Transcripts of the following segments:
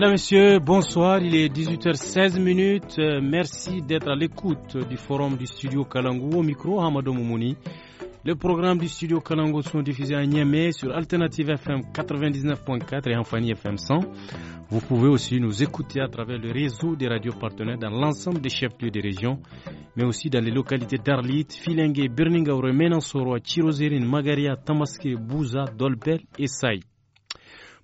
Mesdames, Messieurs, bonsoir. Il est 18h16 minutes. Euh, merci d'être à l'écoute du forum du studio Kalangou. Au micro, Hamadou Moumouni. Les programmes du studio Kalangou sont diffusés à Niamey sur Alternative FM 99.4 et Fanny FM 100. Vous pouvez aussi nous écouter à travers le réseau des radios partenaires dans l'ensemble des chefs-lieux des régions, mais aussi dans les localités d'Arlit, Filengue, Birningaure, Menansoro, Chirozérine, Magaria, Tamaské, Bouza, Dolbel et Saïd.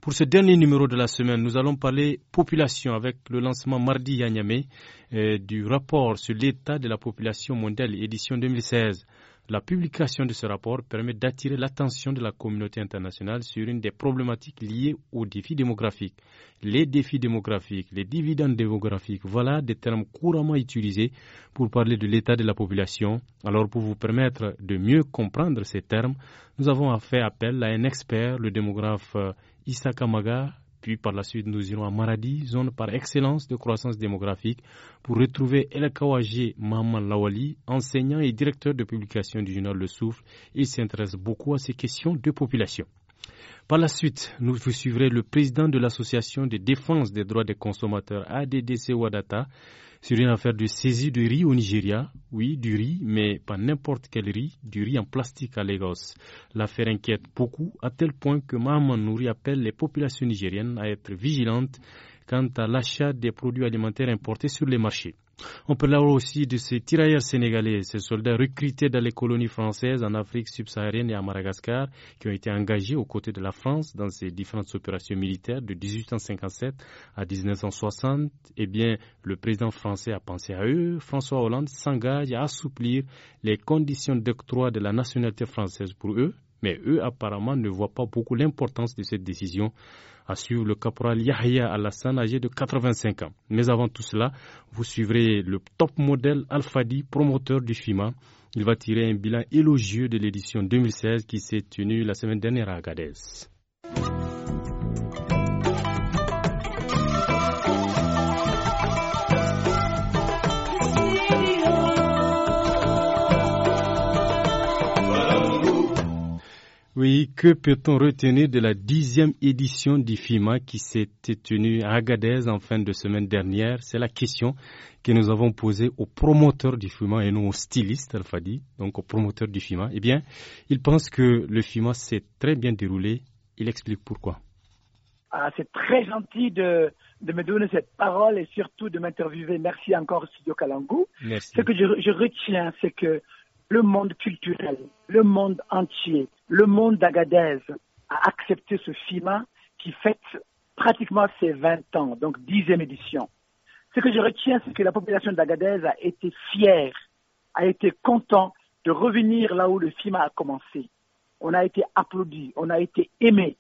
Pour ce dernier numéro de la semaine, nous allons parler population avec le lancement mardi à Niamey euh, du rapport sur l'état de la population mondiale édition 2016. La publication de ce rapport permet d'attirer l'attention de la communauté internationale sur une des problématiques liées aux défis démographiques. Les défis démographiques, les dividendes démographiques, voilà des termes couramment utilisés pour parler de l'état de la population. Alors pour vous permettre de mieux comprendre ces termes, nous avons fait appel à un expert, le démographe euh, Issakamaga, puis par la suite nous irons à Maradi, zone par excellence de croissance démographique, pour retrouver El Kawajé Lawali, enseignant et directeur de publication du journal Le Souffle. Il s'intéresse beaucoup à ces questions de population. Par la suite, nous vous suivrez le président de l'Association de défense des droits des consommateurs ADDC Wadata sur une affaire de saisie de riz au Nigeria. Oui, du riz, mais pas n'importe quel riz, du riz en plastique à Lagos. L'affaire inquiète beaucoup, à tel point que Mahaman Nouri appelle les populations nigériennes à être vigilantes quant à l'achat des produits alimentaires importés sur les marchés. On peut là aussi de ces tirailleurs sénégalais, ces soldats recrutés dans les colonies françaises en Afrique subsaharienne et à Madagascar, qui ont été engagés aux côtés de la France dans ces différentes opérations militaires de 1857 à 1960. Eh bien, le président français a pensé à eux. François Hollande s'engage à assouplir les conditions d'octroi de la nationalité française pour eux, mais eux apparemment ne voient pas beaucoup l'importance de cette décision. À le caporal Yahya Alassane, âgé de 85 ans. Mais avant tout cela, vous suivrez le top modèle Alfadi, promoteur du FIMA. Il va tirer un bilan élogieux de l'édition 2016 qui s'est tenue la semaine dernière à Agadez. Oui, que peut-on retenir de la dixième édition du FIMA qui s'est tenue à Agadez en fin de semaine dernière C'est la question que nous avons posée aux promoteurs du FIMA et non aux styliste, Alfadi, donc aux promoteurs du FIMA. Eh bien, il pense que le FIMA s'est très bien déroulé. Il explique pourquoi. Ah, c'est très gentil de, me donner cette parole et surtout de m'interviewer. Merci encore, Studio Kalangu. Merci. Ce que je retiens, c'est que le monde culturel, le monde entier, le monde d'Agadez a accepté ce FIMA qui fête pratiquement ses 20 ans, donc 10e édition. Ce que je retiens, c'est que la population d'Agadez a été fière, a été content de revenir là où le FIMA a commencé. On a été applaudi, on a été aimé.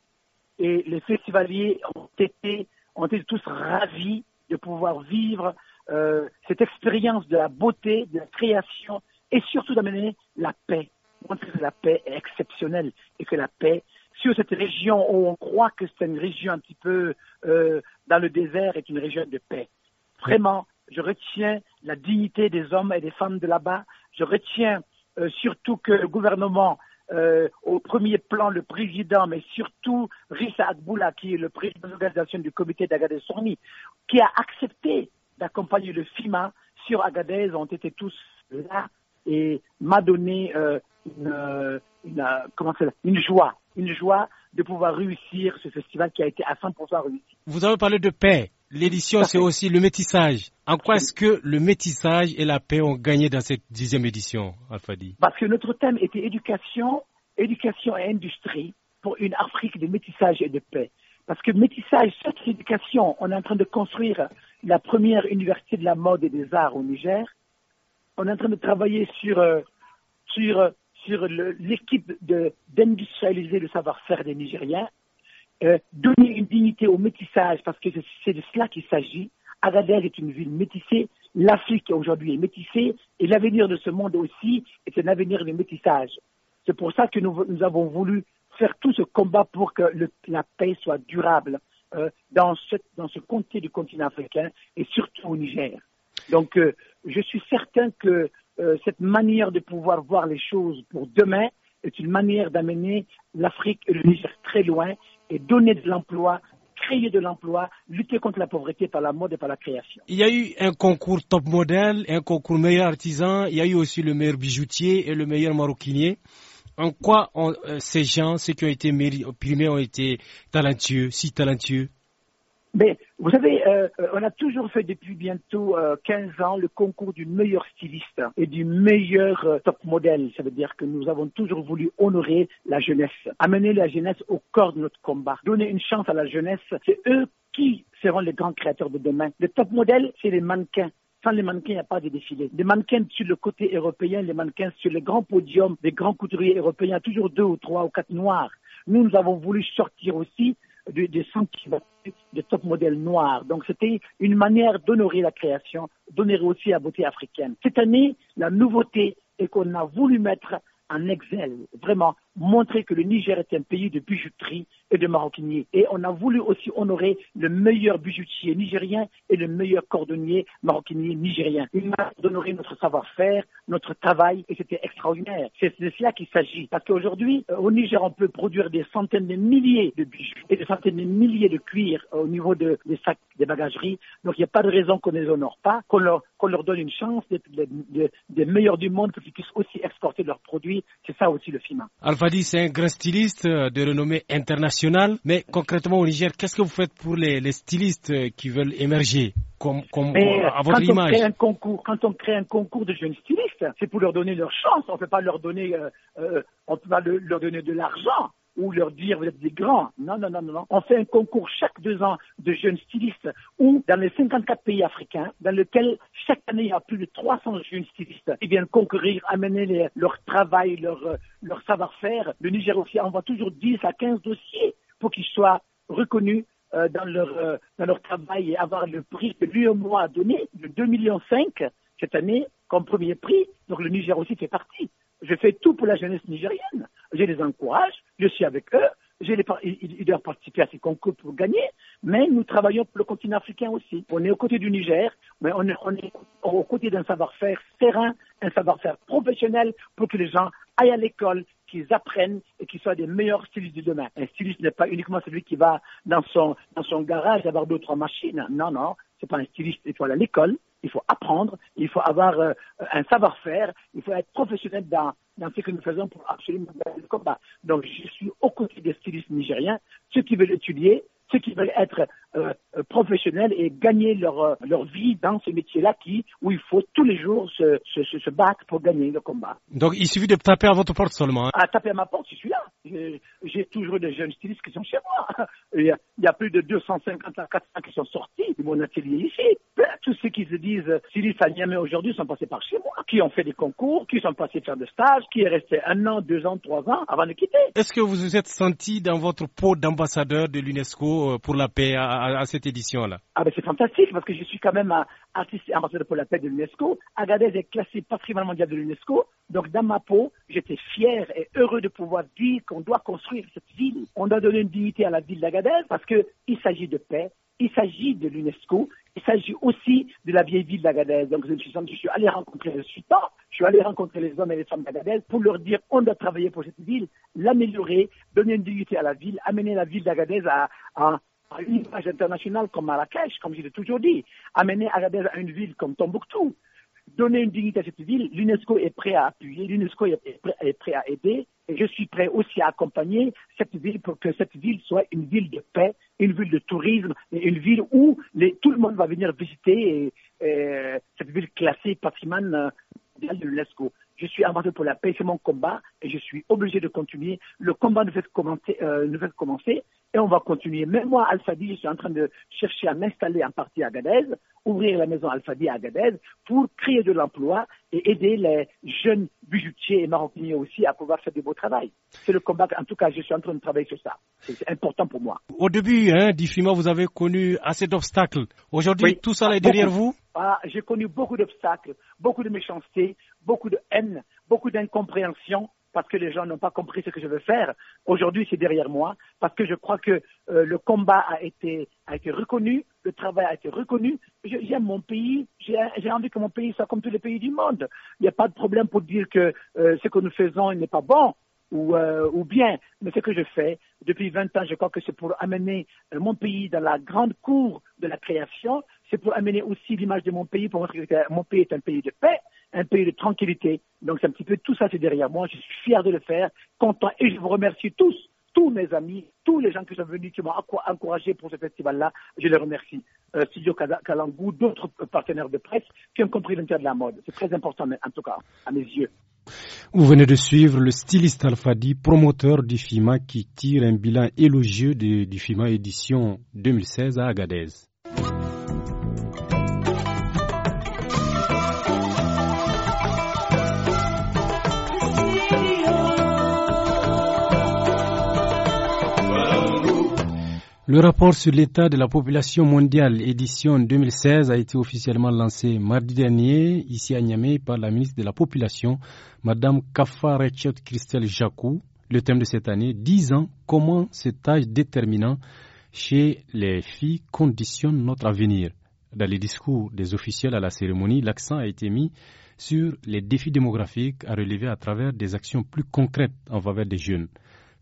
Et les festivaliers ont été, ont été tous ravis de pouvoir vivre euh, cette expérience de la beauté, de la création, et surtout d'amener la paix. Montrer que la paix est exceptionnelle et que la paix, sur cette région où on croit que c'est une région un petit peu euh, dans le désert, est une région de paix. Vraiment, je retiens la dignité des hommes et des femmes de là-bas. Je retiens euh, surtout que le gouvernement, euh, au premier plan le président, mais surtout Rissa Agboula, qui est le président de l'organisation du comité d'Agadez Sourni, qui a accepté d'accompagner le FIMA sur Agadez, ont été tous là et m'a donné euh, une, euh, euh, comment ça, une joie, une joie de pouvoir réussir ce festival qui a été à 100% réussi. Vous avez parlé de paix. L'édition, c'est aussi le métissage. En quoi est-ce que le métissage et la paix ont gagné dans cette dixième édition, Afadi Parce que notre thème était éducation, éducation et industrie pour une Afrique de métissage et de paix. Parce que métissage, cette éducation, on est en train de construire la première université de la mode et des arts au Niger on est en train de travailler sur, euh, sur, euh, sur l'équipe d'industrialiser le savoir-faire des Nigériens, euh, donner une dignité au métissage, parce que c'est de cela qu'il s'agit. Agadez est une ville métissée, l'Afrique aujourd'hui est métissée, et l'avenir de ce monde aussi est un avenir de métissage. C'est pour ça que nous, avons voulu faire tout ce combat pour que le, la paix soit durable dans, ce, dans ce comté du continent africain et surtout au Niger. Donc, je suis certain que euh, cette manière de pouvoir voir les choses pour demain est une manière d'amener l'Afrique et le Niger très loin et donner de l'emploi, créer de l'emploi, lutter contre la pauvreté par la mode et par la création. Il y a eu un concours top modèle, un concours meilleur artisan, il y a eu aussi le meilleur bijoutier et le meilleur maroquinier. En quoi euh, ces gens, ceux qui ont été primés, ont été talentueux, si talentueux mais vous savez, euh, euh, on a toujours fait depuis bientôt 15 euh, ans le concours du meilleur styliste et du meilleur top modèle. Ça veut dire que nous avons toujours voulu honorer la jeunesse, amener la jeunesse au corps de notre combat, donner une chance à la jeunesse. C'est eux qui seront les grands créateurs de demain. Le top modèle, c'est les mannequins. Sans les mannequins, il n'y a pas de défilé. Les mannequins sur le côté européen, les mannequins sur les grands podiums des grands couturiers européens, toujours deux ou trois ou quatre noirs. Nous, nous avons voulu sortir aussi de top modèle noir. Donc c'était une manière d'honorer la création, d'honorer aussi la beauté africaine. Cette année, la nouveauté est qu'on a voulu mettre en exil, vraiment montrer que le Niger est un pays de bijouterie et de maroquiniers. Et on a voulu aussi honorer le meilleur bijoutier nigérien et le meilleur cordonnier maroquinier nigérien. Il m'a honoré notre savoir-faire, notre travail, et c'était extraordinaire. C'est de cela qu'il s'agit. Parce qu'aujourd'hui, euh, au Niger, on peut produire des centaines de milliers de bijoux et des centaines de milliers de cuirs euh, au niveau des sacs, des bagageries. Donc, il n'y a pas de raison qu'on ne les honore pas, qu'on leur, donne une chance d'être des meilleurs du monde pour qu'ils puissent aussi exporter leurs produits. C'est ça aussi le FIMA. Alfadi, c'est un grand styliste euh, de renommée internationale mais concrètement au Niger, qu'est-ce que vous faites pour les, stylistes euh, qui veulent émerger comme, à votre quand image. On crée un concours, quand on crée un concours de jeunes stylistes, c'est pour leur donner leur chance. On ne pas leur donner, on peut pas leur donner euh, euh, de l'argent ou leur dire vous êtes des grands. Non, non, non, non. On fait un concours chaque deux ans de jeunes stylistes ou dans les 54 pays africains, dans lequel chaque année il y a plus de 300 jeunes stylistes ils viennent concourir, amener leur travail, leur, euh, leur savoir-faire. Le Niger aussi envoie toujours 10 à 15 dossiers pour qu'ils soient reconnus euh, dans, leur, euh, dans leur travail et avoir le prix que lui moi a donné, de 2,5 millions cette année comme premier prix. Donc le Niger aussi fait partie je fais tout pour la jeunesse nigérienne. Je les encourage, je suis avec eux, je les ils doivent participer à ces concours pour gagner, mais nous travaillons pour le continent africain aussi. On est aux côtés du Niger, mais on est, aux côtés d'un savoir-faire serein, un savoir-faire professionnel pour que les gens aillent à l'école, qu'ils apprennent et qu'ils soient des meilleurs stylistes du demain. Un styliste n'est pas uniquement celui qui va dans son, dans son garage avoir deux trois machines. Non, non, n'est pas un styliste étoile à l'école il faut apprendre, il faut avoir euh, un savoir-faire, il faut être professionnel dans, ce que nous faisons pour absolument le combat. Donc je suis au côté des stylistes nigériens, ceux qui veulent étudier, ceux qui veulent être euh, euh, professionnels et gagner leur, euh, leur vie dans ce métier-là qui, où il faut tous les jours se, battre pour gagner le combat. Donc il suffit de taper à votre porte seulement. Hein. À taper à ma porte, je suis là. J'ai toujours des jeunes stylistes qui sont chez moi. Il y a, plus de 250 à 400 qui sont sortis de mon atelier ici. Tous ceux qui se disent stylistes à Niamey aujourd'hui sont passés par chez moi, qui ont fait des concours, qui sont passés faire des stages, qui est resté un an, deux ans, trois ans avant de quitter. Est-ce que vous vous êtes senti dans votre peau d'ambassadeur de l'UNESCO euh, pour la paix à, cette édition-là ah C'est fantastique parce que je suis quand même euh, artiste et ambassadeur pour la paix de l'UNESCO. Agadez est classé patrimoine mondial de l'UNESCO. Donc dans ma peau, j'étais fier et heureux de pouvoir dire qu'on doit construire cette ville. On doit donner une dignité à la ville d'Agadez parce qu'il s'agit de paix, il s'agit de l'UNESCO, il s'agit aussi de la vieille ville d'Agadez. Donc je suis, je suis allé rencontrer le sultan, je suis allé rencontrer les hommes et les femmes d'Agadez pour leur dire on doit travailler pour cette ville, l'améliorer, donner une dignité à la ville, amener la ville d'Agadez à, une image internationale comme Marrakech, comme je l'ai toujours dit, amener Agadez à une ville comme Tombouctou, donner une dignité à cette ville. L'UNESCO est prêt à appuyer, l'UNESCO est, prêt à aider, et je suis prêt aussi à accompagner cette ville pour que cette ville soit une ville de paix, une ville de tourisme, une ville où tout le monde va venir visiter cette ville classée patrimoine euh, de l'UNESCO. Je suis ambassadeur pour la paix, c'est mon combat et je suis obligé de continuer. Le combat ne fait commencer, euh, commencer et on va continuer. Même moi, Al-Fadi, je suis en train de chercher à m'installer en partie à Gadez, ouvrir la maison Al-Fadi à Gadez pour créer de l'emploi et aider les jeunes bijoutiers et maroquiniers aussi à pouvoir faire du beau travail. C'est le combat, en tout cas, je suis en train de travailler sur ça. C'est important pour moi. Au début hein, vous avez connu assez d'obstacles. Aujourd'hui, tout ça est derrière vous ah, j'ai connu beaucoup d'obstacles, beaucoup de méchanceté, beaucoup de haine, beaucoup d'incompréhension parce que les gens n'ont pas compris ce que je veux faire. Aujourd'hui, c'est derrière moi parce que je crois que euh, le combat a été, a été reconnu, le travail a été reconnu. J'aime mon pays, j'ai envie que mon pays soit comme tous les pays du monde. Il n'y a pas de problème pour dire que euh, ce que nous faisons n'est pas bon. Ou, euh, ou, bien, mais ce que je fais depuis 20 ans, je crois que c'est pour amener mon pays dans la grande cour de la création, c'est pour amener aussi l'image de mon pays, pour montrer que mon pays est un pays de paix, un pays de tranquillité. Donc c'est un petit peu tout ça, c'est derrière moi. Je suis fier de le faire, content, et je vous remercie tous, tous mes amis, tous les gens qui sont venus, qui m'ont encouragé pour ce festival-là. Je les remercie. Euh, Studio Kalangou, d'autres partenaires de presse qui ont compris l'intérêt de la mode. C'est très important, en tout cas, à mes yeux. Vous venez de suivre le styliste Alfadi, promoteur du FIMA, qui tire un bilan élogieux du FIMA édition 2016 à Agadez. Le rapport sur l'état de la population mondiale édition 2016 a été officiellement lancé mardi dernier ici à Niamey par la ministre de la Population, Madame Kafa rechet Christelle Jacou. Le thème de cette année, disant ans, comment cet âge déterminant chez les filles conditionne notre avenir. Dans les discours des officiels à la cérémonie, l'accent a été mis sur les défis démographiques à relever à travers des actions plus concrètes en faveur des jeunes.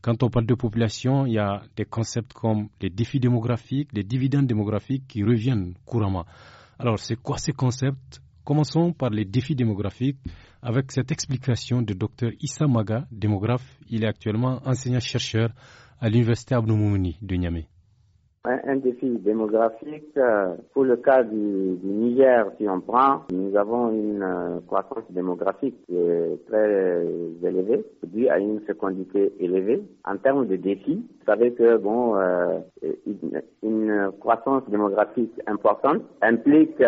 Quand on parle de population, il y a des concepts comme les défis démographiques, les dividendes démographiques qui reviennent couramment. Alors, c'est quoi ces concepts Commençons par les défis démographiques avec cette explication de Dr Issa Maga, démographe. Il est actuellement enseignant-chercheur à l'université Abdou de Niamey un, défi démographique. Euh, pour le cas du, Niger, si on prend, nous avons une euh, croissance démographique très euh, élevée, due à une fécondité élevée. En termes de défis, vous savez que bon, une, croissance démographique importante implique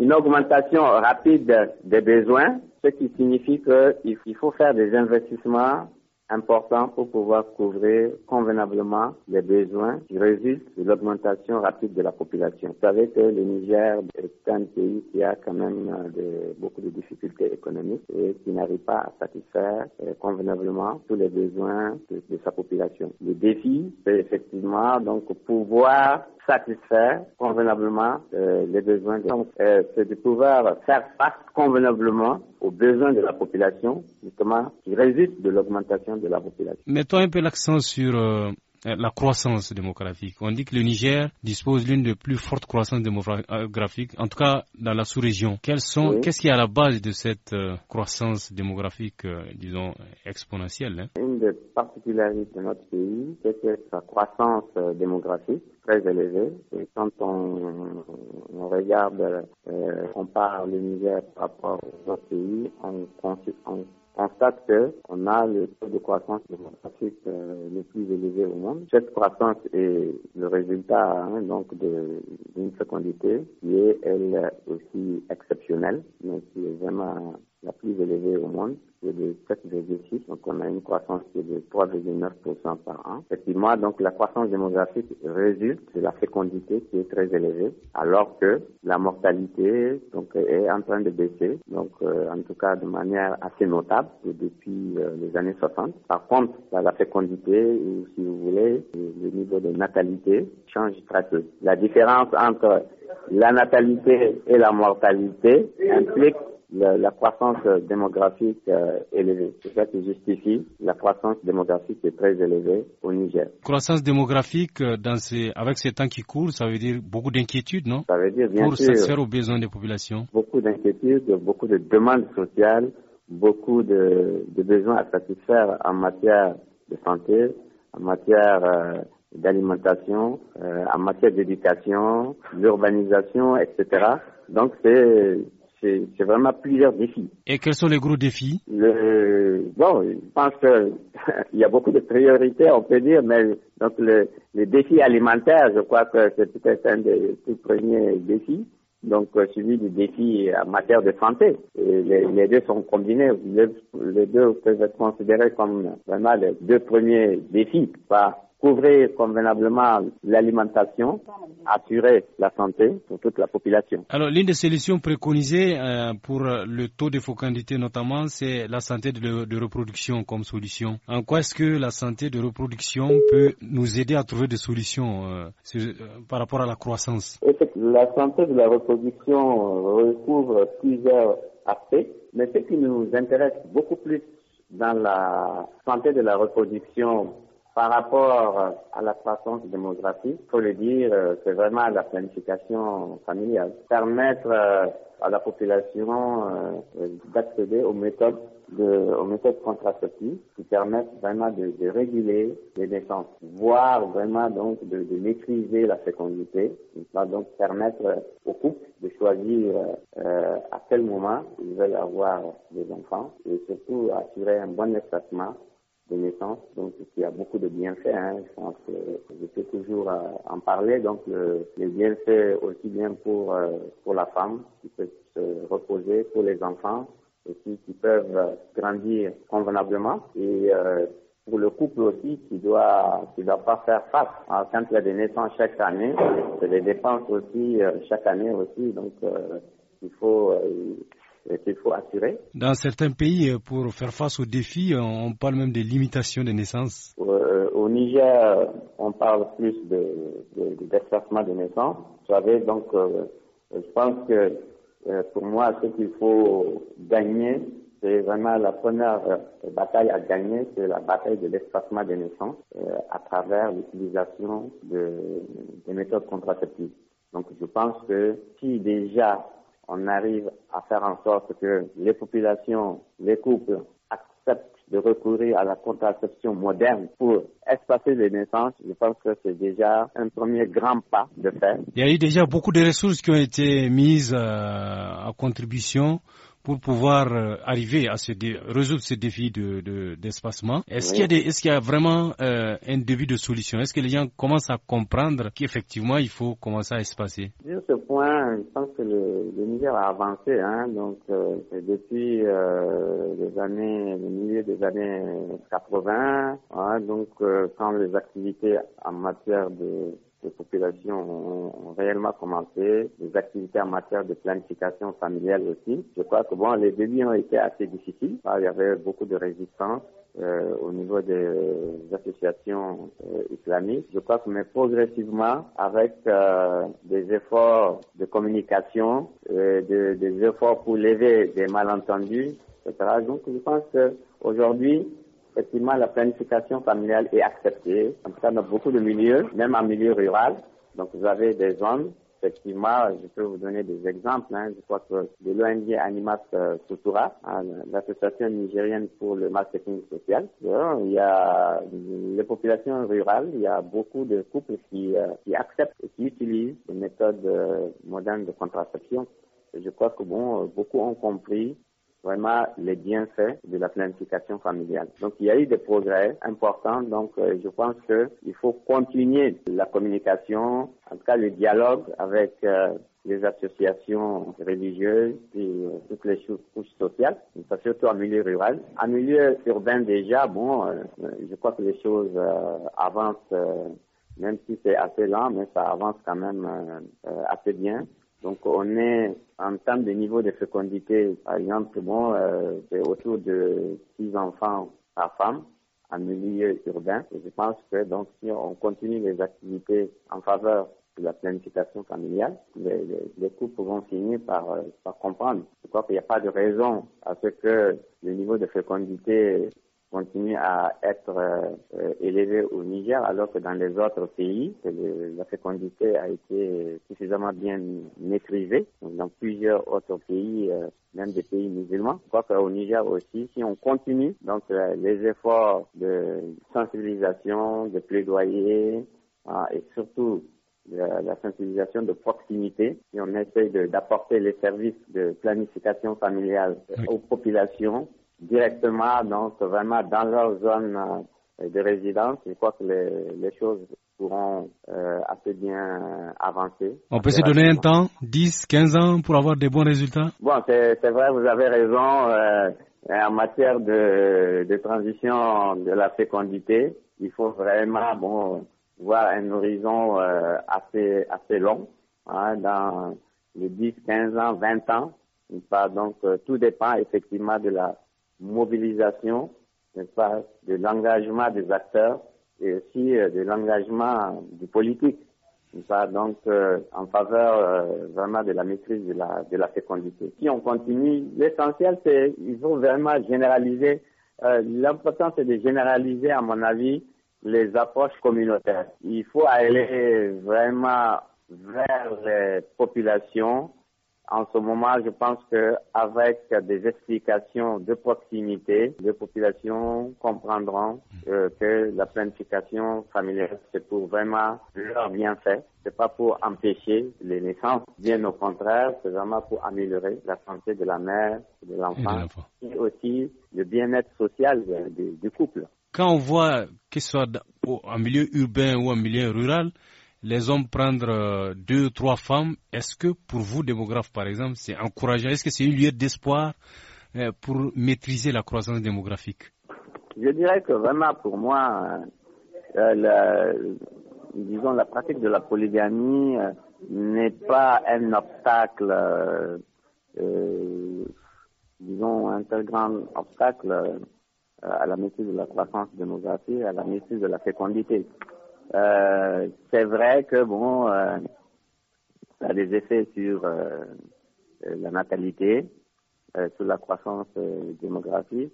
une augmentation rapide des besoins, ce qui signifie qu'il faut faire des investissements important pour pouvoir couvrir convenablement les besoins qui résultent de l'augmentation rapide de la population. Vous savez que le Niger est un pays qui a quand même euh, beaucoup de difficultés économiques et qui n'arrive pas à satisfaire euh, convenablement tous les besoins de, de sa population. Le défi, c'est effectivement donc pouvoir satisfaire convenablement euh, les besoins. De... Euh, c'est de pouvoir faire face convenablement aux besoins de la population, justement, qui résulte de l'augmentation de la population. Mettons un peu l'accent sur euh, euh, la croissance démographique. On dit que le Niger dispose l'une des plus fortes croissances démographiques, en tout cas dans la sous-région. sont, qu'est-ce qui est à la base de cette euh, croissance démographique, euh, disons, exponentielle hein? Une des particularités de notre pays, c'est sa croissance démographique très élevée. Et quand on, regarde, on parle le Niger par rapport aux autres pays, on, on, constate qu'on a le taux de croissance démographique euh, le plus élevé au monde. Cette croissance est le résultat hein, donc d'une fécondité qui est elle aussi exceptionnelle, mais qui est vraiment la plus élevée au monde, c'est de 7,6, donc on a une croissance qui est de 3,9% par an. Effectivement, donc la croissance démographique résulte de la fécondité qui est très élevée, alors que la mortalité donc est en train de baisser, donc euh, en tout cas de manière assez notable depuis euh, les années 60. Par contre, bah, la fécondité, ou si vous voulez, le niveau de natalité change très peu. La différence entre la natalité et la mortalité implique la, croissance euh, démographique euh, élevée. C'est ça qui justifie la croissance démographique est très élevée au Niger. Croissance démographique euh, dans ces, avec ces temps qui courent, ça veut dire beaucoup d'inquiétudes, non Ça veut dire bien Pour satisfaire aux besoins des populations. Beaucoup d'inquiétudes, beaucoup de demandes sociales, beaucoup de, de, besoins à satisfaire en matière de santé, en matière euh, d'alimentation, en matière d'éducation, d'urbanisation, etc. Donc c'est c'est vraiment plusieurs défis. Et quels sont les gros défis Bon, je pense qu'il y a beaucoup de priorités, on peut dire, mais donc le, les défis alimentaires, je crois que c'est peut-être un des tout premiers défis. Donc, euh, celui du défi en matière de santé. les, deux sont combinés. Les, deux peuvent être considérés comme vraiment les deux premiers défis. Pas couvrir convenablement l'alimentation, assurer la santé pour toute la population. Alors, l'une des solutions préconisées euh, pour le taux de fécondité notamment, c'est la santé de, reproduction comme solution. En quoi est-ce que la santé de reproduction peut nous aider à trouver des solutions euh, euh, par rapport à la croissance La santé de la reproduction recouvre plusieurs aspects, mais ce qui nous intéresse beaucoup plus dans la santé de la reproduction par rapport à la croissance démographique, faut le dire, c'est vraiment la planification familiale. Permettre euh, à la population euh, d'accéder aux méthodes de, aux méthodes contraceptives qui permettent vraiment de, réguler les naissances, voire vraiment donc de, maîtriser la fécondité, Ça va donc permettre aux couples de choisir euh, à quel moment ils veulent avoir des enfants et surtout assurer un bon espacement naissance. Donc, il y a beaucoup de bienfaits. Hein. Je pense que je peux toujours euh, en parler. Donc, les bienfaits aussi bien pour, euh, pour la femme qui peut se reposer, pour les enfants aussi qui peuvent euh, grandir convenablement et pour le couple aussi qui doit qui doit pas faire face à quand il y a des naissances chaque année, c'est des dépenses aussi chaque année aussi. Donc, il faut qu'il faut assurer. Dans certains pays, euh, pour faire face aux défis, euh, on parle même des limitations des naissances. Euh, au Niger, on parle plus de, de, des naissances. Vous savez, donc, je pense que pour moi, ce qu'il faut gagner, c'est vraiment la première bataille à gagner, c'est la bataille de l'espacement des naissances à travers l'utilisation des méthodes contraceptives. Donc, je pense que si déjà on arrive à faire en sorte que les populations, les couples acceptent de recourir à la contraception moderne pour espacer les naissances, je pense que c'est déjà un premier grand pas de fait. Il y a eu déjà beaucoup de ressources qui ont été mises euh, à contribution pour pouvoir euh, arriver à résoudre ce défi d'espacement. De, d'espacement est-ce qu'il y a des, est-ce qu'il y a vraiment euh, un début de solution Est-ce que les gens commencent à comprendre qu'effectivement il faut commencer à espacer Sur ce point, je pense que le, le a avancé. Hein. donc euh, depuis les années, milieu des années 80, hein. donc quand les activités en matière de les populations ont réellement commencé, les activités en matière de planification familiale aussi. Je crois que bon, les débuts ont été assez difficiles. Ah, il y avait beaucoup de résistance euh, au niveau des associations euh, islamiques. Je crois que mais progressivement, avec euh, des efforts de communication, des efforts pour lever des malentendus, etc. Donc je pense qu'aujourd'hui, effectivement, la planification familiale est acceptée. En tout cas, dans beaucoup de milieux, même en milieu rural. Donc, vous avez des zones effectivement, je peux vous donner des exemples. Hein. Je crois que de l'ONG Animas Futura euh, hein, l'association nigérienne pour le marketing social, il y a les populations rurales, il y a beaucoup de couples qui, euh, qui acceptent et qui utilisent les méthodes euh, modernes de contraception. je crois que bon, beaucoup ont compris vraiment les bienfaits de la planification familiale. Donc il y a eu des progrès importants, donc euh, je pense qu'il faut continuer la communication, en tout cas le dialogue avec euh, les associations religieuses et euh, toutes les couches sociales, surtout en milieu rural. En milieu urbain déjà, bon, je crois que les choses avancent, même si c'est assez lent, mais ça avance quand même assez bien. Donc on est en termes de niveau de fécondité, par exemple, bon, euh, c'est autour de 6 enfants par femme en milieu urbain. Et je pense que donc si on continue les activités en faveur de la planification familiale, les, les, les couples vont finir par, euh, par comprendre. Je crois qu'il n'y a pas de raison à ce que le niveau de fécondité continue à être euh, élevé au Niger, alors que dans les autres pays, la fécondité a été suffisamment bien maîtrisée. Dans plusieurs autres pays, euh, même des pays musulmans. Je crois qu'au Niger aussi, si on continue, donc les efforts de sensibilisation, de plaidoyer, hein, et surtout la, sensibilisation de proximité si on essaie d'apporter les services de planification familiale euh, aux populations directement, donc vraiment dans leur zone euh, de résidence, je crois que les, les choses pourront euh, assez bien avancer. On peut se donner un temps, 10, 15 ans, pour avoir des bons résultats Bon, c'est vrai, vous avez raison. Euh, en matière de, de, transition de la fécondité, il faut vraiment bon, voir un horizon euh, assez, assez long, hein, dans les 10, 15 ans, 20 ans. donc, tout dépend effectivement de la mobilisation, nest pas, de l'engagement des acteurs et aussi euh, de l'engagement du politique, nest pas, donc euh, en faveur euh, vraiment de la maîtrise de la, de la fécondité. Si on continue, l'essentiel, c'est il faut vraiment généraliser. Euh, L'important, c'est de généraliser, à mon avis, les approches communautaires. Il faut aller vraiment vers les populations, en ce moment, je pense que avec des explications de proximité, les populations comprendront euh, que la planification familiale, c'est pour vraiment leur bienfait. C'est pas pour empêcher les naissances, bien au contraire, c'est vraiment pour améliorer la santé de la mère, de l'enfant, et, aussi le bien-être social euh, du, couple. Quand on voit, qu'il ce soit en milieu urbain ou en milieu rural, les hommes prendre euh, deux, trois femmes, est-ce que pour vous, démographe par exemple, c'est encourageant Est-ce que c'est un lieu d'espoir euh, pour maîtriser la croissance démographique Je dirais que vraiment pour moi, euh, la, disons la pratique de la polygamie n'est pas un obstacle, disons un très grand obstacle à la maîtrise de la croissance démographique, à la maîtrise de la fécondité. Euh, c'est vrai que bon, euh, ça a des effets sur euh, la natalité, euh, sur la croissance démographique,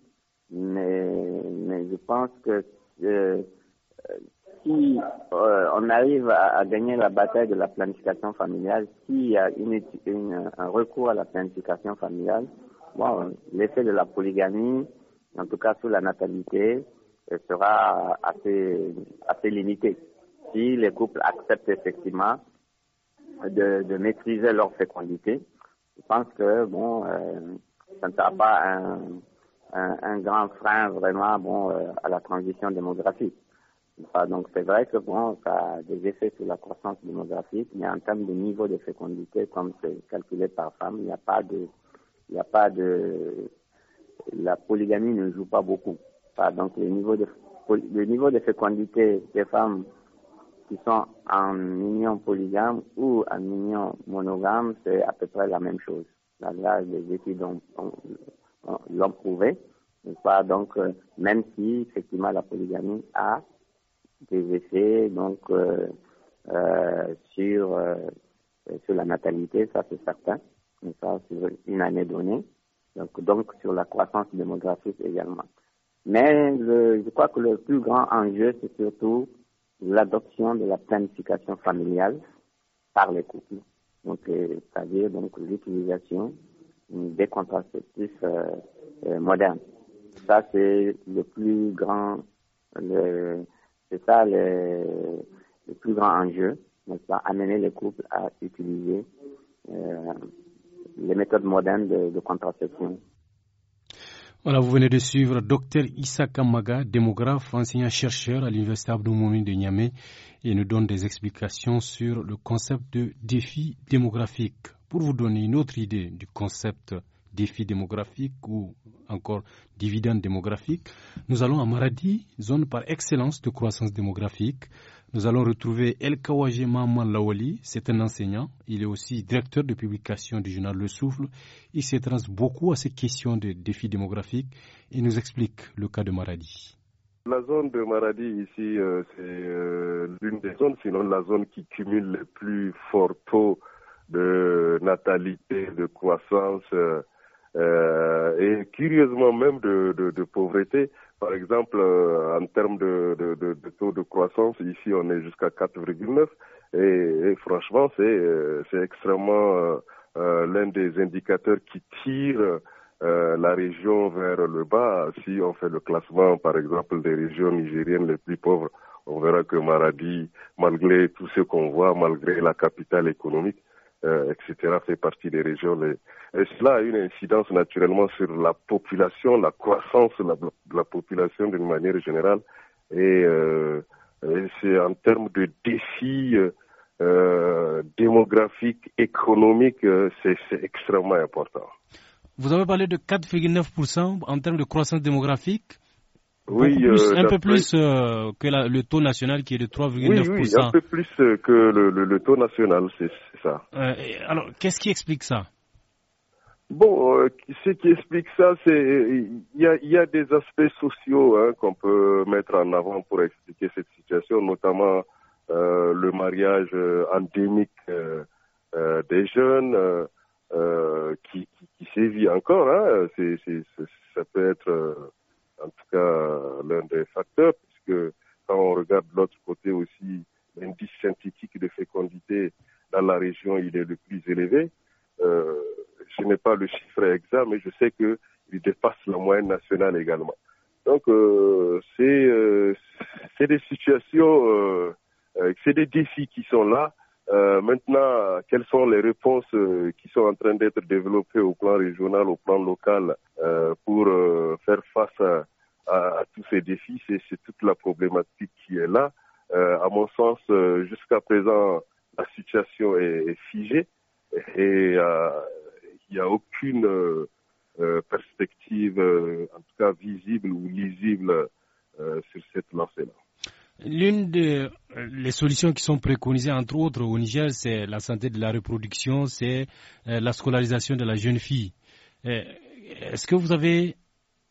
mais, je pense que si on arrive à, gagner la bataille de la planification familiale, s'il y a une, une, un recours à la planification familiale, bon, l'effet de la polygamie, en tout cas sur la natalité, sera assez, assez limité si les couples acceptent effectivement de, maîtriser leur fécondité, je pense que bon, euh, ça ne sera pas un, grand frein vraiment bon euh, à la transition démographique. donc c'est vrai que bon, ça a des effets sur la croissance démographique, mais en termes de niveau de fécondité, comme c'est calculé par femme, il n'y a pas de, il n'y a pas de, la polygamie ne joue pas beaucoup. donc le niveau de, le niveau de fécondité des femmes qui sont en union polygame ou en union monogame, c'est à peu près la même chose. Là, les études l'ont prouvé. Pas donc, euh, même si effectivement la polygamie a des effets donc euh, euh sur euh, sur la natalité, ça c'est certain, mais ça sur une année donnée, donc donc sur la croissance démographique également. Mais je crois que le plus grand enjeu c'est surtout l'adoption de la planification familiale par les couples. Donc, euh, c'est-à-dire donc l'utilisation des contraceptifs euh, euh, modernes. Ça, c'est le plus grand, c'est ça le, plus grand enjeu, nest amener les couples à utiliser les méthodes modernes de, de contraception voilà, vous venez de suivre Dr Issa Kamaga, démographe, enseignant-chercheur à l'Université Abdou de Niamey et nous donne des explications sur le concept de défi démographique. Pour vous donner une autre idée du concept défi démographique ou encore dividende démographique, nous allons à Maradi, zone par excellence de croissance démographique. Nous allons retrouver El Kawaje Maman Lawali. C'est un enseignant. Il est aussi directeur de publication du journal Le Souffle. Il s'intéresse beaucoup à ces questions de défis démographiques et nous explique le cas de Maradi. La zone de Maradi ici, euh, c'est euh, l'une des zones, sinon la zone qui cumule le plus fort taux de natalité, de croissance euh, et curieusement même de pauvreté. Par exemple, euh, en termes de, de, taux de croissance, ici on est jusqu'à 4,9 et, et, franchement c'est euh, extrêmement euh, l'un des indicateurs qui tire la région vers le bas. Si on fait le classement, par exemple, des régions nigériennes les plus pauvres, on verra que Maradi, malgré tout ce qu'on voit, malgré la capitale économique, euh, etc., fait partie des régions. Et cela a une incidence naturellement sur la population, la croissance de la, population d'une manière générale. Euh, et, c'est en termes de défis euh, démographiques, économiques, c'est, extrêmement important. Vous avez parlé de 4,9% en termes de croissance démographique. Oui, un peu plus que le taux national qui est de 3,9%. Oui, un peu plus que le, le taux national, c'est, ça. Euh, alors, qu'est-ce qui explique ça Bon, euh, ce qui explique ça, c'est il y a, des aspects sociaux hein, qu'on peut mettre en avant pour expliquer cette situation, notamment euh, le mariage endémique des jeunes qui, sévit encore. Hein. ça peut être en tout cas l'un des facteurs, puisque quand on regarde de l'autre côté aussi, l'indice scientifique de fécondité dans la région, il est le plus élevé. Euh, je n'ai pas le chiffre exact, mais je sais qu'il dépasse la moyenne nationale également. Donc, euh, euh, c'est des situations, c'est des défis qui sont là. maintenant, quelles sont les réponses qui sont en train d'être développées au plan régional, au plan local, pour faire face à, à, tous ces défis C'est toute la problématique qui est là. à mon sens, jusqu'à présent, la situation est, figée et euh, il n'y a aucune euh, euh, perspective, en tout cas visible ou lisible, sur cette lancée-là. L'une des solutions qui sont préconisées, entre autres, au Niger, c'est la santé de la reproduction, c'est la scolarisation de la jeune fille. Est-ce que vous avez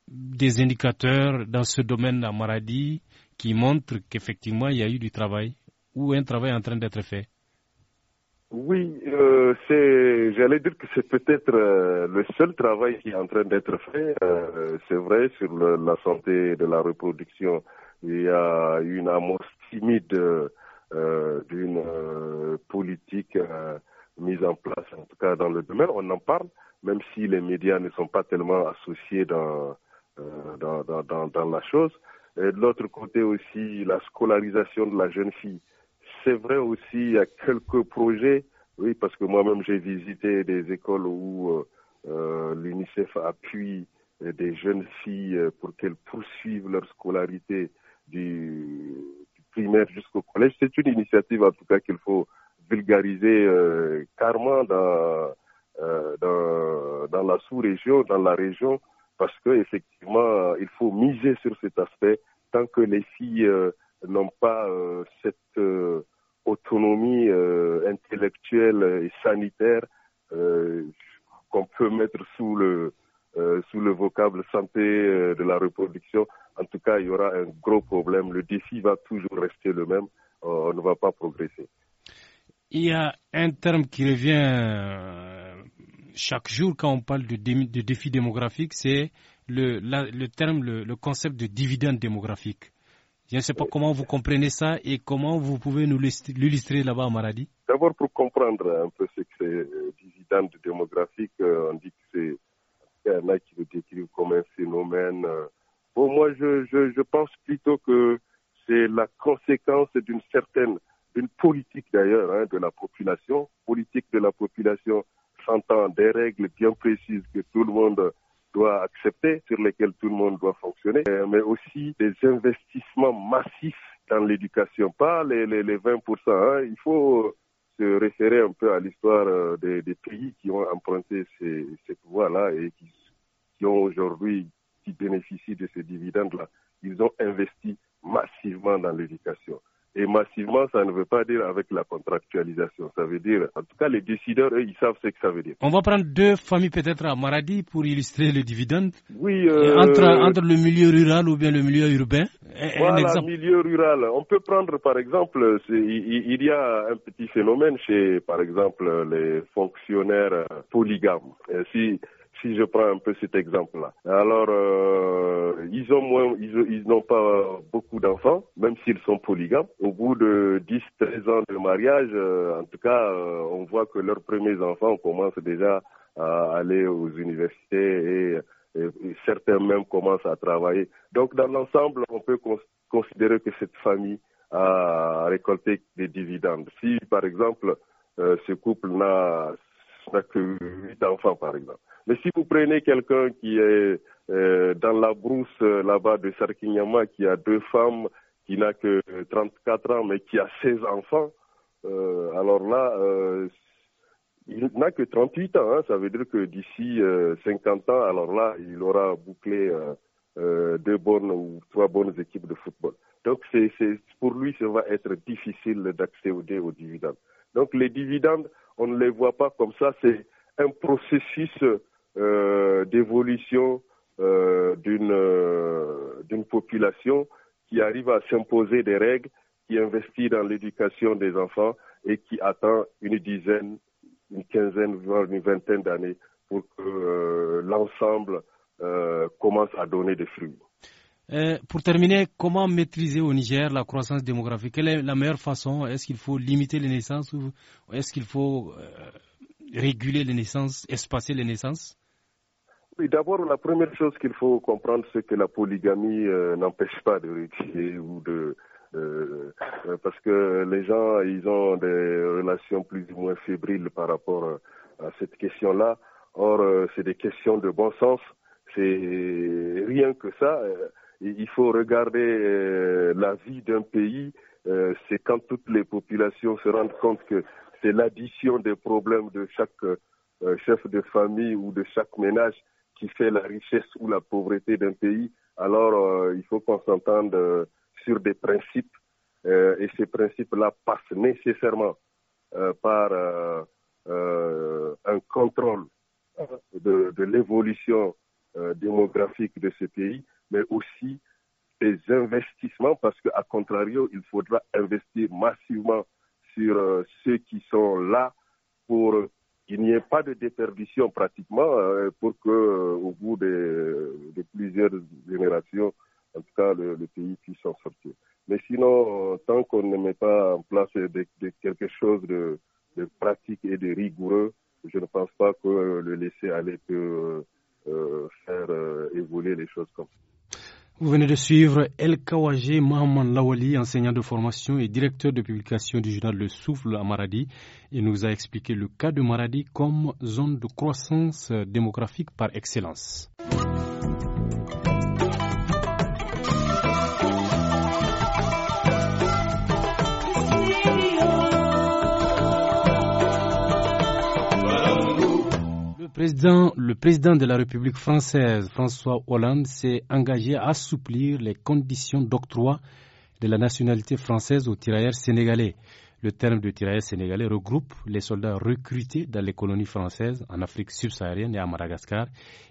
des indicateurs dans ce domaine à Maradi qui montrent qu'effectivement il y a eu du travail ou un travail en train d'être fait oui, euh, c'est, j'allais dire que c'est peut-être euh, le seul travail qui est en train d'être fait. Euh, c'est vrai sur la santé de la reproduction, il y a une amorce timide d'une politique mise en place, en tout cas dans le domaine. On en parle, même si les médias ne sont pas tellement associés dans dans la chose. Et de l'autre côté aussi, la scolarisation de la jeune fille c'est vrai aussi, il y a quelques projets, oui, parce que moi-même j'ai visité des écoles où euh, euh, l'UNICEF appuie des jeunes filles euh, pour qu'elles poursuivent leur scolarité du, primaire jusqu'au collège. C'est une initiative en tout cas qu'il faut vulgariser carrément dans, dans, la sous-région, dans la région, parce qu'effectivement, il faut miser sur cet aspect tant que les filles n'ont pas cette autonomie euh, intellectuelle et sanitaire euh, qu'on peut mettre sous le, euh, sous le vocable santé de la reproduction. En tout cas, il y aura un gros problème. Le défi va toujours rester le même. on ne va pas progresser. Il y a un terme qui revient chaque jour quand on parle de, défi démographique, c'est le, le, terme, le, concept de dividende démographique. Je ne sais pas comment vous comprenez ça et comment vous pouvez nous l'illustrer là-bas à Maradi. D'abord, pour comprendre un peu ce que c'est euh, dividende démographique, euh, on dit que c'est. Il qui le décrivent comme un phénomène. Pour euh. moi, je, pense plutôt que c'est la conséquence d'une certaine, d'une politique d'ailleurs, hein, de la population. Politique de la population s'entend des règles bien précises que tout le monde doit accepter, sur lesquels tout le monde doit fonctionner, euh, mais aussi des investissements massifs dans l'éducation, pas les, 20%. Hein. Il faut se référer un peu à l'histoire euh, des, des, pays qui ont emprunté ces, ces pouvoirs-là et qui, qui ont aujourd'hui, qui bénéficient de ces dividendes-là. Ils ont investi massivement dans l'éducation. Et massivement, ça ne veut pas dire avec la contractualisation. Ça veut dire, en tout cas, les décideurs, eux, ils savent ce que ça veut dire. On va prendre deux familles peut-être à Maradi pour illustrer le dividende. Oui. Euh, entre, entre, le milieu rural ou bien le milieu urbain. Voilà, un exemple. milieu rural. On peut prendre, par exemple, il y a un petit phénomène chez, par exemple, les fonctionnaires polygames. Et si si je prends un peu cet exemple-là. Alors, euh, ils ont moins, ils, n'ont pas beaucoup d'enfants, même s'ils sont polygames. Au bout de 10, 13 ans de mariage, euh, en tout cas, euh, on voit que leurs premiers enfants commencent déjà à aller aux universités et certains même commencent à travailler. Donc dans l'ensemble, on peut considérer que cette famille a récolté des dividendes. Si par exemple euh, ce couple n'a n'a que 8 enfants, par exemple. Mais si vous prenez quelqu'un qui est euh, dans la brousse euh, là-bas de Sarkinyama, qui a deux femmes, qui n'a que 34 ans, mais qui a 16 enfants, euh, alors là, il n'a que 38 ans. Hein. ça veut dire que d'ici 50 ans, alors là, il aura bouclé deux bonnes ou trois bonnes équipes de football. Donc, c'est pour lui, ça va être difficile d'accéder aux dividendes. Donc les dividendes, on ne les voit pas comme ça, c'est un processus euh, d'évolution euh, euh, d'une population qui arrive à s'imposer des règles, qui investit dans l'éducation des enfants et qui attend une dizaine, une quinzaine, voire une vingtaine d'années pour que l'ensemble commence à donner des fruits. Euh, pour terminer, comment maîtriser au Niger la croissance démographique Quelle est la meilleure façon Est-ce qu'il faut limiter les naissances ou est-ce qu'il faut euh, réguler les naissances, espacer les naissances oui, d'abord, la première chose qu'il faut comprendre, c'est que la polygamie euh, n'empêche pas de réduire ou de parce que les gens, ils ont des relations plus ou moins fébriles par rapport à cette question-là. Or, c'est des questions de bon sens. C'est rien que ça il faut regarder euh, la vie d'un pays, euh, c'est quand toutes les populations se rendent compte que c'est l'addition des problèmes de chaque euh, chef de famille ou de chaque ménage qui fait la richesse ou la pauvreté d'un pays. Alors, il faut qu'on s'entende sur des principes et ces principes-là passent nécessairement par un contrôle de, de l'évolution démographique de ce pays mais aussi des investissements, parce qu'à contrario, il faudra investir massivement sur euh, ceux qui sont là pour qu'il n'y ait pas de déperdition pratiquement, euh, pour que euh, au bout de, plusieurs générations, en tout cas, le, pays puisse s'en sortir. Mais sinon, tant qu'on ne met pas en place quelque chose de, pratique et de rigoureux, je ne pense pas que le laisser aller peut faire évoluer les choses comme ça. Vous venez de suivre El Kawajé Mohamed Lawali, enseignant de formation et directeur de publication du journal Le Souffle à Maradi. Il nous a expliqué le cas de Maradi comme zone de croissance démographique par excellence. président, le président de la République française, François Hollande, s'est engagé à assouplir les conditions d'octroi de la nationalité française aux tirailleurs sénégalais. Le terme de tirailleurs sénégalais regroupe les soldats recrutés dans les colonies françaises en Afrique subsaharienne et à Madagascar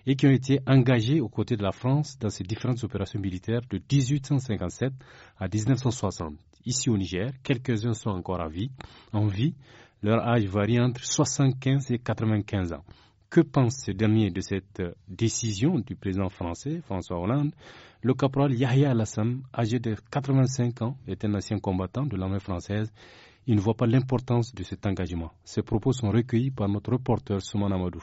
et qui ont été engagés aux côtés de la France dans ces différentes opérations militaires de 1857 à 1960. Ici au Niger, quelques-uns sont encore en vie, en vie. Leur âge varie entre 75 et 95 ans. Que pense ce dernier de cette euh, décision du président français, François Hollande Le caporal Yahya Alassam, âgé de 85 ans, est un ancien combattant de l'armée française. Il ne voit pas l'importance de cet engagement. Ses propos sont recueillis par notre reporter Souman Amadou.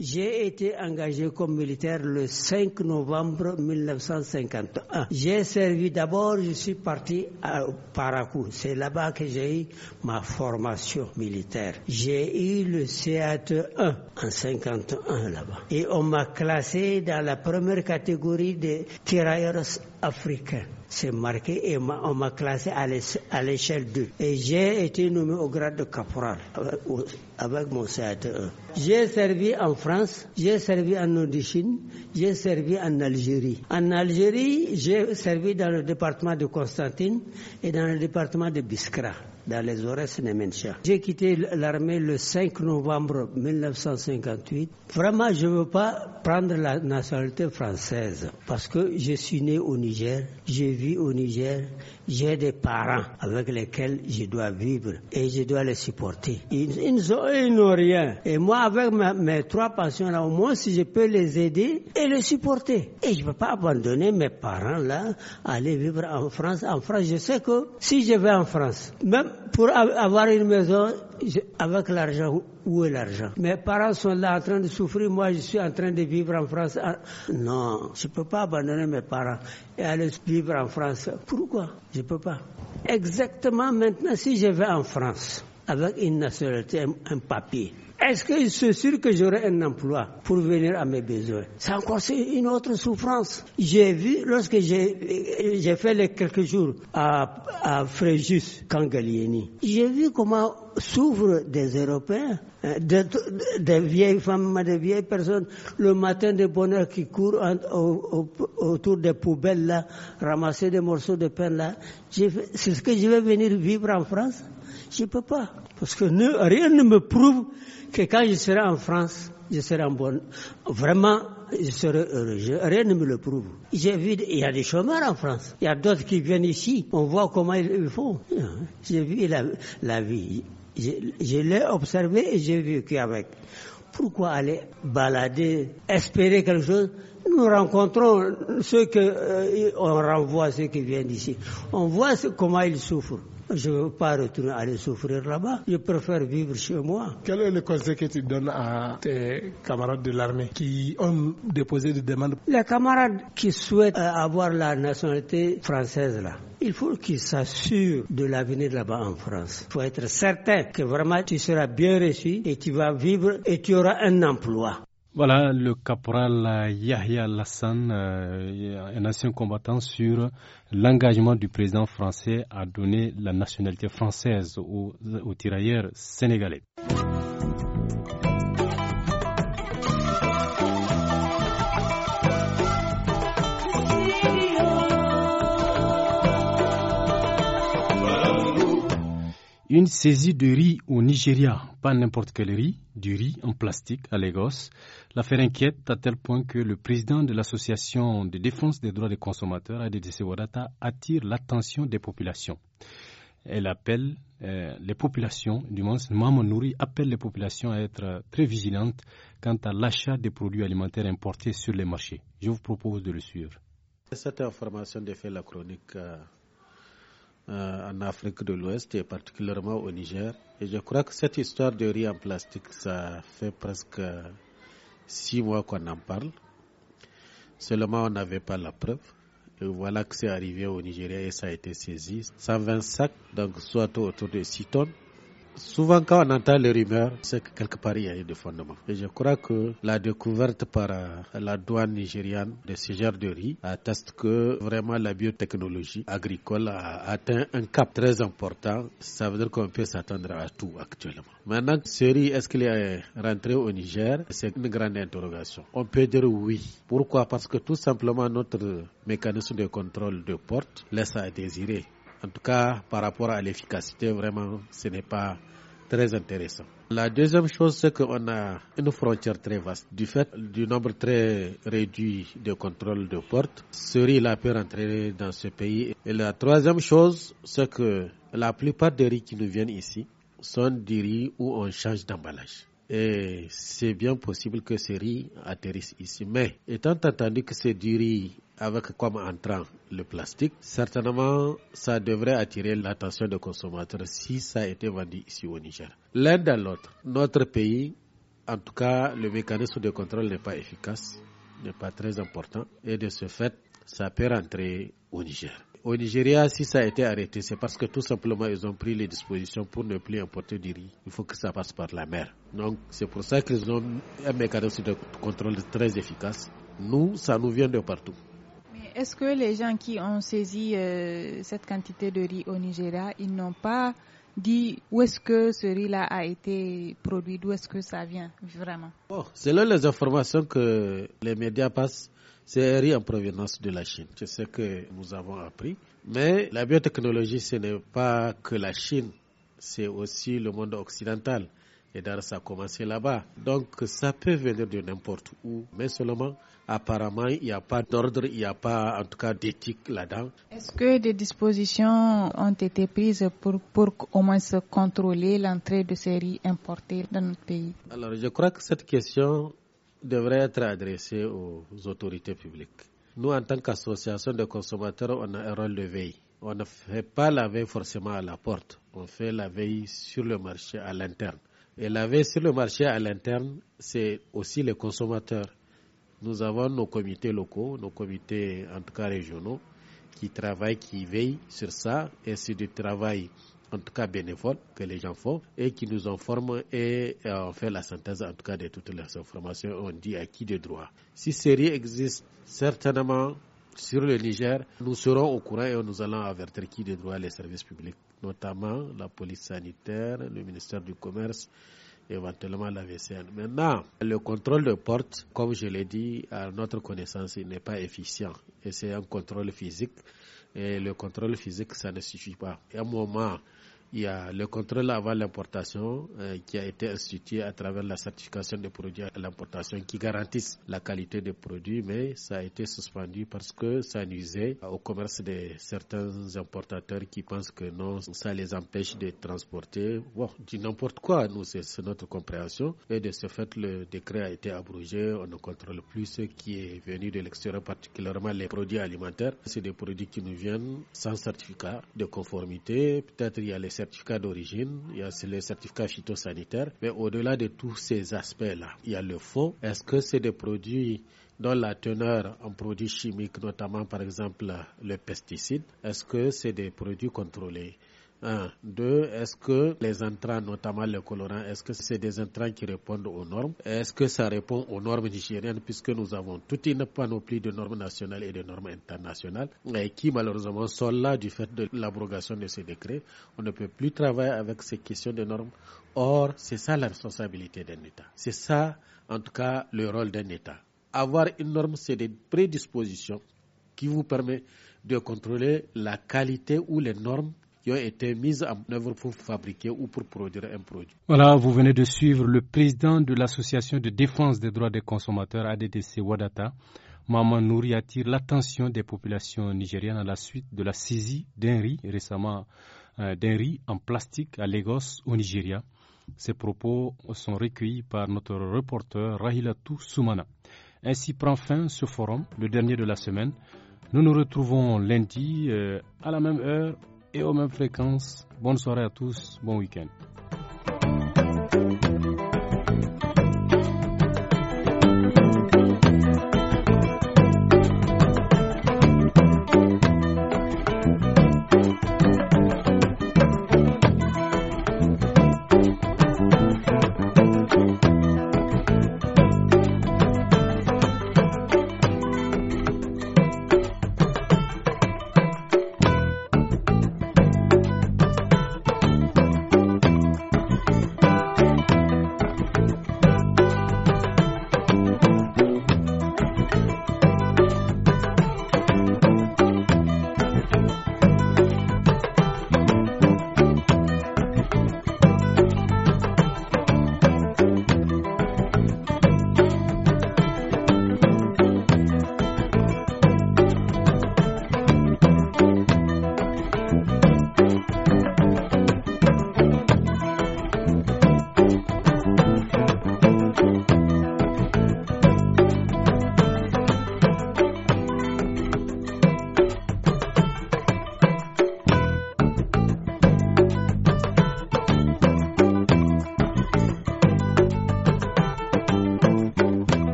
J'ai été engagé comme militaire le 5 novembre 1951. J'ai servi d'abord, je suis parti à Parakou. C'est là-bas que j'ai eu ma formation militaire. J'ai eu le CAT 1 en 51 là-bas. Et on m'a classé dans la première catégorie des tirailleurs africains c'est marqué et on m'a classé à l'échelle 2. Et j'ai été nommé au grade de caporal avec mon CATE J'ai servi en France, j'ai servi en Indochine, j'ai servi en Algérie. En Algérie, j'ai servi dans le département de Constantine et dans le département de Biskra dans les Aurès Nemencha. J'ai quitté l'armée le 5 novembre 1958. Vraiment, je ne veux pas prendre la nationalité française parce que je suis né au Niger, je vis au Niger, j'ai des parents avec lesquels je dois vivre et je dois les supporter. Ils, n'ont rien. Et moi, avec mes trois pensions, au moins, si je peux les aider et les supporter. Et je ne pas abandonner mes parents, là, aller vivre en France. En France, je sais que si je vais en France, même pour avoir une maison, avec l'argent, où est l'argent Mes parents sont là en train de souffrir, moi je suis en train de vivre en France. Ah, non, je ne peux pas abandonner mes parents et aller vivre en France. Pourquoi Je ne peux pas. Exactement maintenant, si je vais en France avec une nationalité, un papier, est-ce que je suis sûr que j'aurai un emploi pour venir à mes besoins C'est encore une autre souffrance. J'ai vu, lorsque j'ai fait les quelques jours à, Fréjus, Cangalieni, j'ai vu comment s'ouvrent des Européens, hein, des, vieilles femmes, des vieilles personnes, le matin de bonheur qui courent autour des poubelles là, ramasser des morceaux de pain là. C'est ce que je vais venir vivre en France je ne peux pas. Parce que rien ne me prouve que quand je serai en France, je serai en bonne. Vraiment, je serai heureux. rien ne me le prouve. J'ai vu, il y a des chômeurs en France. Il y a d'autres qui viennent ici. On voit comment ils, font. J'ai vu la, vie. Je, l'ai observé et j'ai vu avec. Pourquoi aller balader, espérer quelque chose Nous rencontrons ceux que euh, on renvoie, ceux qui viennent ici. On voit comment ils souffrent. Je ne veux pas retourner aller souffrir là-bas. Je préfère vivre chez moi. Quel est le conseil que tu donnes à tes camarades de l'armée qui ont déposé des demandes Les camarades qui souhaitent euh, avoir la nationalité française, là, il faut qu'ils s'assurent de l'avenir là-bas en France. Il faut être certain que vraiment tu seras bien reçu et tu vas vivre et tu auras un emploi. Voilà le caporal Yahya Lassan, euh, un ancien combattant sur l'engagement du président français à donner la nationalité française aux tirailleurs sénégalais. une saisie de riz au Nigeria, pas n'importe quel riz, du riz en plastique à Lagos. L'affaire inquiète à tel point que le président de l'association de défense des droits des consommateurs, ADDC Wadata, attire l'attention des populations. Elle appelle euh, les populations, du moins Maman Nouri appelle les populations à être très vigilantes quant à l'achat des produits alimentaires importés sur les marchés. Je vous propose de le suivre. Cette information de fait la chronique euh, euh, en Afrique de l'Ouest et particulièrement au Niger. Et je crois que cette histoire de riz en plastique, ça fait presque euh, six mois qu'on en parle. Seulement, on n'avait pas la preuve. Et voilà que c'est arrivé au Nigeria et ça a été saisi. 120 sacs, donc soit autour de 6 tonnes. Souvent, quand on entend les rumeurs, c'est que quelque part il y a eu des fondements. Et je crois que la découverte par euh, la douane nigériane de ce genre de riz atteste que vraiment la biotechnologie agricole a atteint un cap très important. Ça veut dire qu'on peut s'attendre à tout actuellement. Maintenant, ce riz, est-ce qu'il est rentré au Niger C'est une grande interrogation. On peut dire oui. Pourquoi Parce que tout simplement notre mécanisme de contrôle de porte laisse à désirer. En tout cas, par rapport à l'efficacité, vraiment, ce n'est pas très intéressant. La deuxième chose, c'est qu'on a une frontière très vaste. Du fait du nombre très réduit de contrôles de ce riz là peut rentrer dans ce pays. Et la troisième chose, c'est que la plupart des riz qui nous viennent ici sont des riz où on change d'emballage. Et c'est bien possible que ce riz atterrisse ici. Mais étant entendu que c'est du riz avec comme entrant le plastique, certainement ça devrait attirer l'attention des consommateurs si ça a été vendu ici au Niger. L'un dans l'autre, notre pays, en tout cas le mécanisme de contrôle n'est pas efficace, n'est pas très important et de ce fait ça peut rentrer au Niger au Nigeria, si ça a été arrêté, c'est parce que tout simplement ils ont pris les dispositions pour ne plus importer du riz. Il faut que ça passe par la mer. Donc c'est pour ça qu'ils ont un mécanisme de contrôle très efficace. Nous, ça nous vient de partout. Mais Est-ce que les gens qui ont saisi euh, cette quantité de riz au Nigeria, ils n'ont pas dit où est-ce que ce riz-là a été produit, d'où est-ce que ça vient vraiment C'est Selon les informations que les médias passent, c'est un riz en provenance de la Chine. C'est ce que nous avons appris. Mais la biotechnologie, ce n'est pas que la Chine, c'est aussi le monde occidental. Et d'ailleurs, ça a commencé là-bas. Donc, ça peut venir de n'importe où, mais seulement, apparemment, il n'y a pas d'ordre, il n'y a pas, en tout cas, d'éthique là-dedans. Est-ce que des dispositions ont été prises pour, pour au moins se contrôler l'entrée de ces riz importés dans notre pays Alors, je crois que cette question, devrait être adressé aux autorités publiques. Nous, en tant qu'association de consommateurs, on a un rôle de veille. On ne fait pas la veille forcément à la porte, on fait la veille sur le marché à l'interne. Et la veille sur le marché à l'interne, c'est aussi les consommateurs. Nous avons nos comités locaux, nos comités en tout cas régionaux, qui travaillent, qui veillent sur ça, et c'est du travail en tout cas bénévoles, que les gens font et qui nous informent et euh, ont fait la synthèse, en tout cas, de toutes les informations. On dit à qui de droit. Si série existe, certainement, sur le Niger, nous serons au courant et nous allons avertir qui de droit les services publics, notamment la police sanitaire, le ministère du Commerce, éventuellement la VCN. Maintenant, le contrôle de porte, comme je l'ai dit, à notre connaissance, il n'est pas efficient. Et c'est un contrôle physique. Et le contrôle physique, ça ne suffit pas. y à un moment, il y a le contrôle avant l'importation euh, qui a été institué à travers la certification des produits à l'importation qui garantissent la qualité des produits, mais ça a été suspendu parce que ça nuisait au commerce de certains importateurs qui pensent que non, ça les empêche de transporter. Bon, du n'importe quoi, nous, c'est notre compréhension. Et de ce fait, le décret a été abrogé. On ne contrôle plus ce qui est venu de l'extérieur, particulièrement les produits alimentaires. C'est des produits qui nous viennent sans certificat de conformité. Peut-être il y a les certificat d'origine, il y a le mais au-delà de tous ces aspects-là, il y a le fond. Est-ce que c'est des produits dont la teneur en produits chimiques, notamment par exemple le pesticide, est-ce que c'est des produits contrôlés un. Deux, est-ce que les entrants, notamment les colorants, est-ce que c'est des entrants qui répondent aux normes Est-ce que ça répond aux normes nigériennes puisque nous avons toute une panoplie de normes nationales et de normes internationales et qui malheureusement sont là du fait de l'abrogation de ces décrets. On ne peut plus travailler avec ces questions de normes. Or, c'est ça la responsabilité d'un État. C'est ça, en tout cas, le rôle d'un État. Avoir une norme, c'est des prédispositions qui vous permettent de contrôler la qualité ou les normes qui ont été mises en œuvre pour fabriquer ou pour produire un produit. Voilà, vous venez de suivre le président de l'Association de défense des droits des consommateurs ADDC Wadata. Maman Nouri attire l'attention des populations nigériennes à la suite de la saisie d'un riz récemment euh, d'un riz en plastique à Lagos au Nigeria. Ces propos sont recueillis par notre reporter Rahilatou Soumana. Ainsi prend fin ce forum, le dernier de la semaine. Nous nous retrouvons lundi euh, à la même heure et aux mêmes fréquences. Bonne soirée à tous, bon week-end.